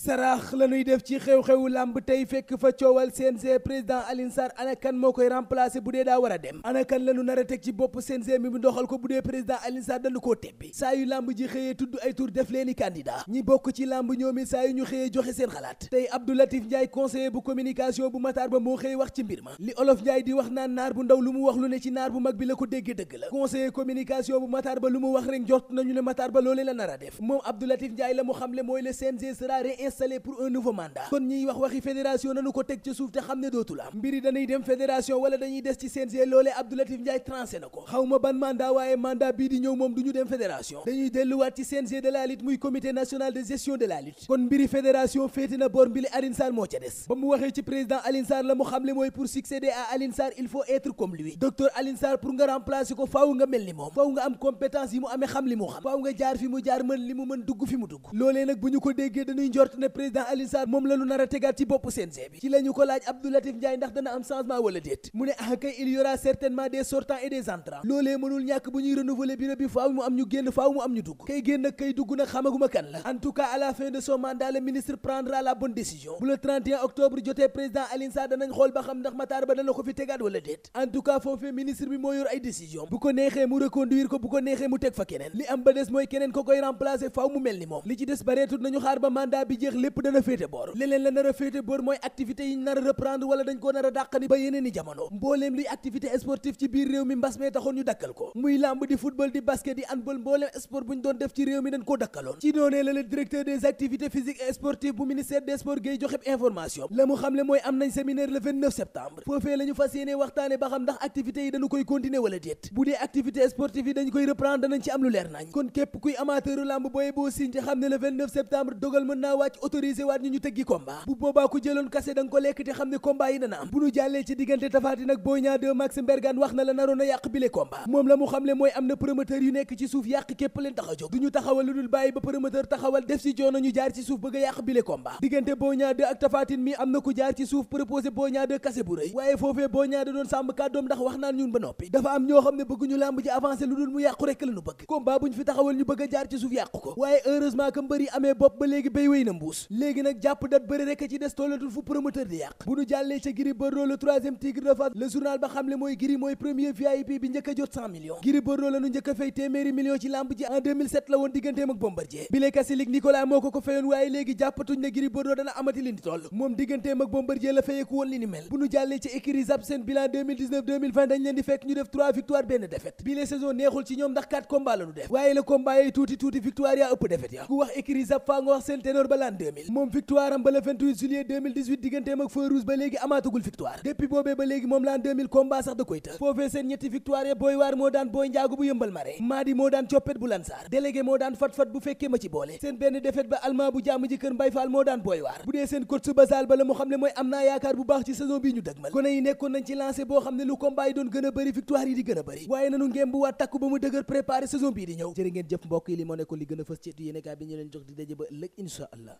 saraax la ñuy def ci xew-xewu làmb tey fekk fa coowal CNG président Alioune Sarr anakan moo koy remplacer bu dee daa war a dem anakan la ñu a teg ci bopp CNG mi mu doxal ko bu dee président Alioune Sarr dañu koo tebbi saa yu làmb ji xëyee tudd ay tur def leeni candidat ñi bokk ci làmb ñoomi saa yu ñu xëyee joxe seen xalaat tey Abdou Latif Ndiaye conseiller bu communication bu Matar Ba moo xëy wax ci mbir ma li olof Ndiaye di wax naan naar bu ndaw lu mu wax lu ne ci naar bu mag bi la ko déggee dëgg la conseiller communication bu Matar Ba lu mu wax rek njort nañu a def moom Abdou Latif Ndiaye la mooy le installé pour un nouveau mandat kon ñiy wax waxi fédération nanu ko teg ci suuf te xam ne dootul am mbiri dañuy dem fédération wala dañuy des ci CNG loolee Abdou Latif Ndiaye tranché na ko xaw ma ban mandat waaye mandat bii di ñëw moom du ñu dem fédération dañuy delluwaat ci CNG de la lutte muy comité national de gestion de la lutte kon mbiri fédération féete na boor mbili Alioune moo ca des ba mu waxee ci président Alioune Sarr la mu xamle mooy pour succéder à il faut nga remplacer ko ni moom faaw xam li mu xam faaw nga jaar jaar mën li mu mën dugg fi xamante ah loolee mënul ñàkk bu ñuy renouveler bi faaw mu am ñu génn faaw mu am ñu dugg kay génn kay dugg nag xamaguma kan la en à la fin de son mandat le ministre prendra la bonne décision bu le octobre jotee président Alioune Sarr danañ xool ba xam ndax Matar Ba dana ko fi tegaat wala déet en tout ministre bi moo yor ay décision bu ko neexee mu reconduire ko bu ko neexee mu teg fa keneen li am ba des mooy keneen ko koy remplacer faaw mu mel ni moom jeex lépp dana féete boor leneen la nar a féete boor mooy activités yi nar reprendre wala dañ koo nar dàqani ba yeneen i jamono mbooleem luy activité sportive ci biir réew mi mbas mee taxoon ñu dakkal ko muy lamb di football di basket di handball mbooleem sport bu ñu doon def ci réew mi dañ koo dakkaloon ci noonee la directeur des activités physiques et sportives bu ministère des sports gay joxe information la mu xamle mooy am nañ séminaire la wàcc autorisé waat ñu ñu tëggi combat bu boobaa jëloon kase da ko lekk te xam ne combat yi dana am bu ñu jàllee ci diggante Tapha Tine ak Boy Niang 2 Max Mbergane wax na la naroon a yàq bile combat moom la na promoteur yu nekk ci suuf yàq képp leen tax a jóg du ñu taxawal lu dul bàyyi ba ñu a yàq bile combat diggante Boy Niang 2 ak Tapha na ku jaar ci suuf proposé Boy kase bu waaye foofee Boy Niang 2 doon sàmm kàddoom ndax wax naan ñun ba noppi dafa am ñoo xam ne bëgg ñu làmb ji avancé lu dul mu yàqu rekk la ñu bëgg combat buñ fi taxawal ñu bëgg a jaar ci suuf yàqu ko waaye heureusement que mbër amee bopp ba léegi béy wéy na mbuus léegi nag jàpp dat bëri rek ci des tollatul fu promoteur di yàq bu nu jàllee ca Gris Bordeaux le troisième tigre de Fass le journal ba xamle mooy Gris mooy premier VIP bi njëkk jot 100 millions Gris Bordeaux la njëkk a téeméeri millions ci lamb ji en la woon digganteem ak Bombardier bi lee kasilig moo ko ko fayoon waaye léegi jàppatuñ ne Gris Bordeaux dana amati li ni toll moom digganteem ak Bombardier la fayeeku woon li ni mel bu nu 42 moom victoire am ba victoire depuis boobee ba léegi moom l'an 2000 sax da koy të foofee seen ñetti victoire ya booy waar moo daan booy njaagu bu yëmbal mare maadi moo daan coppet bu lansaar délégué moo daan fat-fat bu fekkee ma ci boole seen benn défaite ba almaa bu jàmm ji kër mbay faal moo daan booy waar bu dee seen coach su basal ba mu xam ne mooy am naa yaakaar bu baax ci saison bi ñu dëgmal gone yi nekkoon nañ ci lancé boo xam ne lu